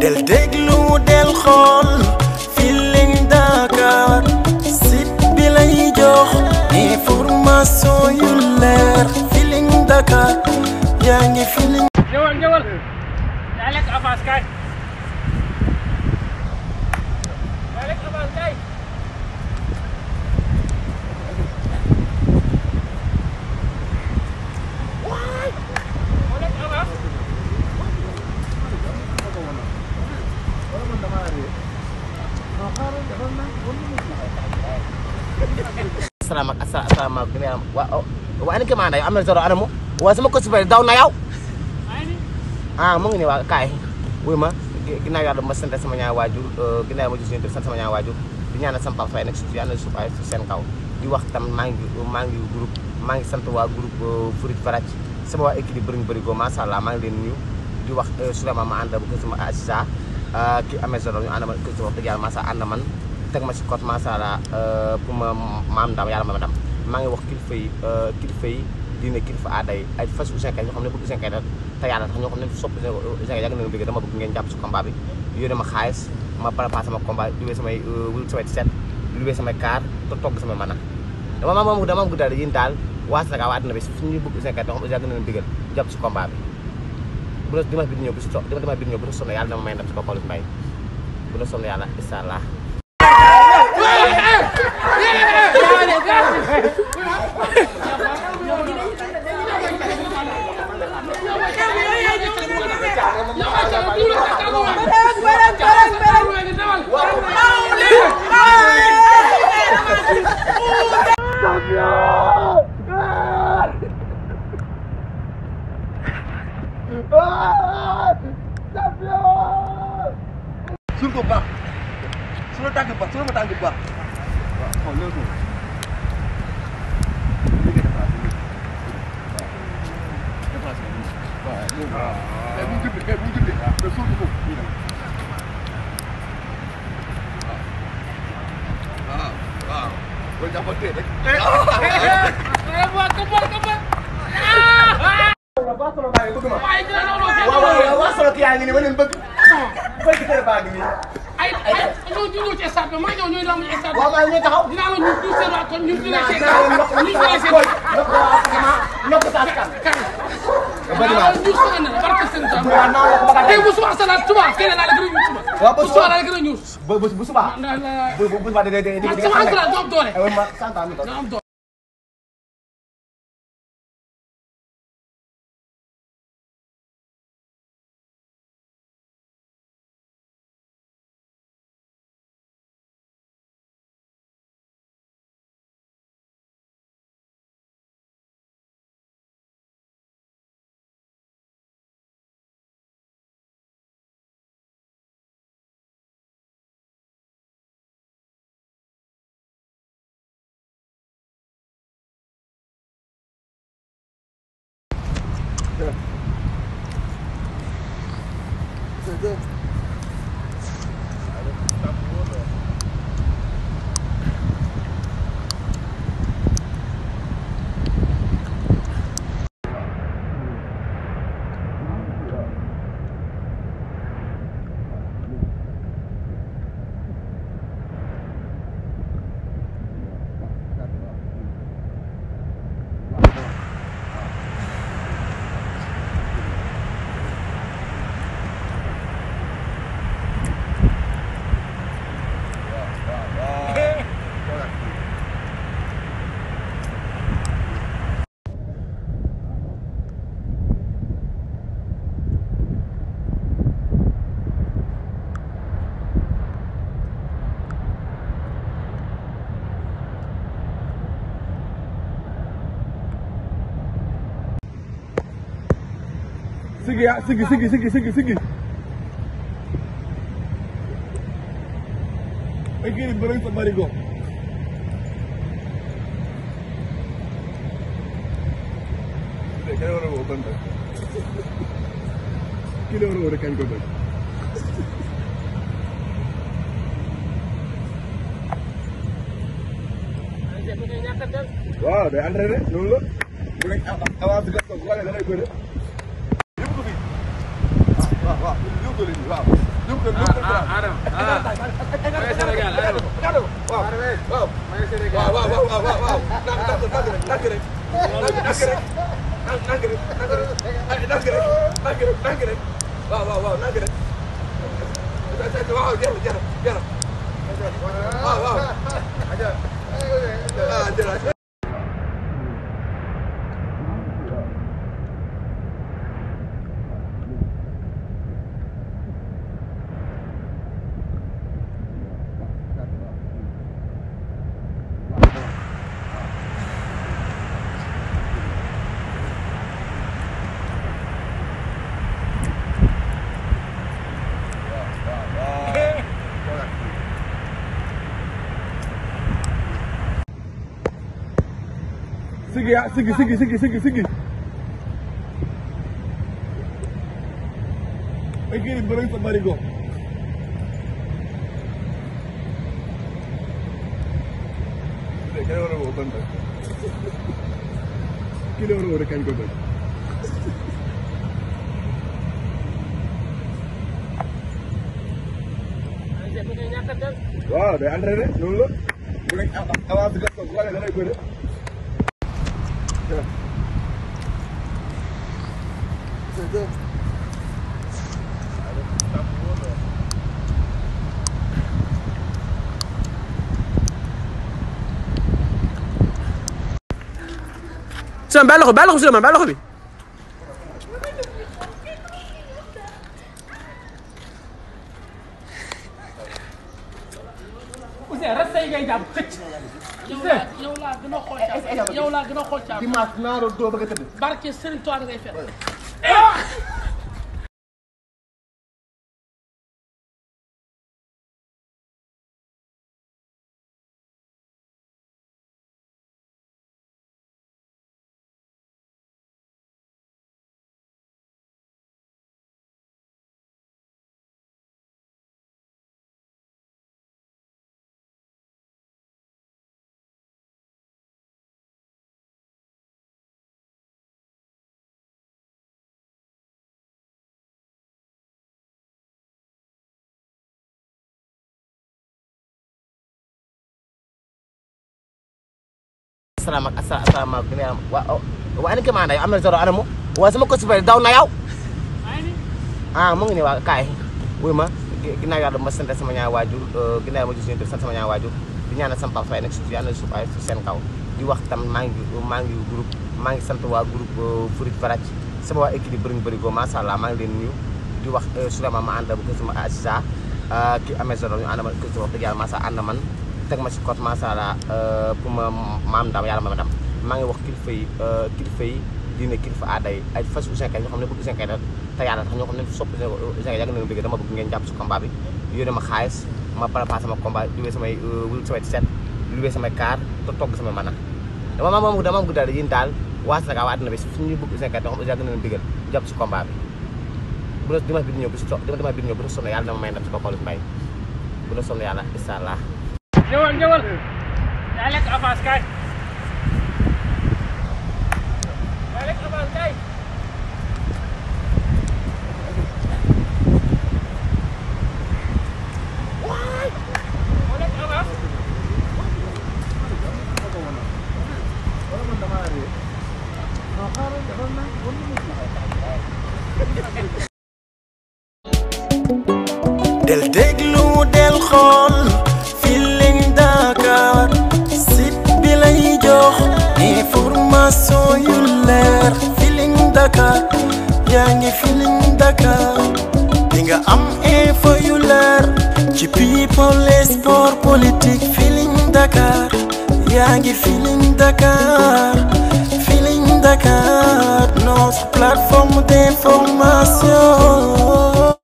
del del xool Feeling Dakar site bi jox information yu leer Feeling Dakar yaa ngi Feeling. ñëwal ñëwal. asalaam ak asalaam ak dina am waaw waaye nag kéemaan am na zoro anamu waaye sama ko super daw na yow ah mu ngi nii waa kaay wuy ma ginnaaw yàlla ma sant sama ñaari waajur euh, ginnaaw ma gis ñu sant sama ñaari waajur di ñaanal sama papa fay nag surtout yàlla na suuf ay seen kaw di wax tam maa ngi maa ngi groupe maa ngi sant waa group euh, Fruit Faraj sama waa équipe bëriñ bërigo macha allah maa ngi leen nuyu di wax euh, Souleymane ma ànd ak sama Aziza ki amee solo ñu ànd man kër si wax dëgg man. teg ma si code macha allah euh, pour ma ma am ndam yàlla ma ndam maa ngi wax kilifa yi euh, kilifa yi diine kilifa aada yi ay fas Ouzin Keita ñoo xam ne bëgg Ouzin Keita te yàlla tax ñoo xam ne sopp Ouzin na nga bëgg si combat bi yónnee ma xaalis sama combat luwee samay wul euh, samay set luwee samay kaar te togg samay mën a ma moom dama am daal waa Sénégal waa àddina bi fu ñu bëgg Ouzin Keita ñoo xam ne yàgg na nga bëggal jàpp si bu si so dimanche bi di ñëw bu la sonn yàlla dama may ndam si ko xoolu mbay yàlla incha allah suul ko bu baax suul tànk bu baax suul ma tànk bu baax waaw bu jubli xeet bu jubli mais surtout foofu ñu dem waaw waaw loolu jàppante rek waa solo ki yaa ngi nii ma leen bëgg bëgg kër baa ngi nii ay ay ñoo ñëw ci stade bi maa ñëw ñooy lamb ci stade bi waaw maa ñëw taxaw dinaa la ñu tuusee waa kon ñu tuusee bëri naa la. tey bu subaa sa laaj subaa keneen laa la gën a ñuul suba. waaw bu subaa laa la gën a ñuul. bu bu bu subaa. bu bu subaa da ngay da ngay. sigi ah sigi sigi sigi sigi sigi. écurie bërëñ sa barigo. kii la war a woo ban dëkk kii la war a woo rek kañ ko waaw ñëw ko léegi waaw. ñëw ko ñëw ko waaw Adam ah. mooy Sénégal Adam waaw waaw. mooy Sénégal waaw waaw waaw waaw waaw. nang nang rek nang rek. nang rek nang rek nang rek nang rek nang rek waaw waaw waaw nang rek. waaw jërëjëf jërëjëf waaw waaw. sigi ah sigi sigi sigi sigi sigi. écurie bi sa barigo. kii la war a wóor kañ ko doon. waaw day entraîné loolu la. bu nekk avance bi nga soog wala da ngay bëri. Yeah. Sehr gut. سام بالغوا بالغوا سام بالغوا بي rasta yi ngay jàpp xëcc. yow laa gën a xool caa eh, eh, eh, yow laa gën a xool caa. dimanche naaroo doo bëgg a tëdd. barke Serigne Touba ngay fenn. asalaama asalaama bi ma am waaw waaye ni commande am na zoro anamu waaye sama costume daw na yow ah mu ngi nii waa kaay wuy ma ginnaaw yàlla ma sant sama ñaari waajur euh, ginnaaw ma gis ñu sant sama ñaari waajur di ñaanal sama papa fay nag surtout yàlla na suuf kaw di wax tam maa ngi maa ngi groupe maa ngi sant waa groupe euh, Fruit Baraj sama waa équipe bëriñ bëri go macha allah maa ngi leen nuyu di wax euh, Souleymane ma ànd bu ko sama Aziza ki amee zoro ñu ànd ma ko sama dëgg yàlla macha ànd man teg ma si code macha allah euh, pour ma maam ndam yàlla ma ndam maa ngi wax kilifa yi euh, kilifa yi diine kilifa aada yi ay fas Ouzin Keita ñoo ne bëgg Ouzin Keita te yàlla tax ñoo xam ne sopp Ouzin Keita euh, yàgg nañu bëgg dama bëgg ngeen jàpp si combat bi yónnee ma xaalis ma sama combat luwee samay wul samay set luwee samay kaar te togg samay mën a dama moom dama bëgg daal yéen daal waa Sénégal waa àddina bi fu ñu bëgg Ouzin Keita ñoo xam ne yàgg si combat bi bu la dimanche bi di ñëw bu si dimanche bi yàlla dama may ndam si kaw Pawlish Mbaye bu yàlla incha allah ñëwal ñëwal yaa lekk avance kaay yaa lekk avance kaay del déglu del xool information yu yaa ngi Feeling Dakar di nga am info yu leer ci people et sport yaa ngi Feeling Dakar Feeling Dakar notre plateforme d'information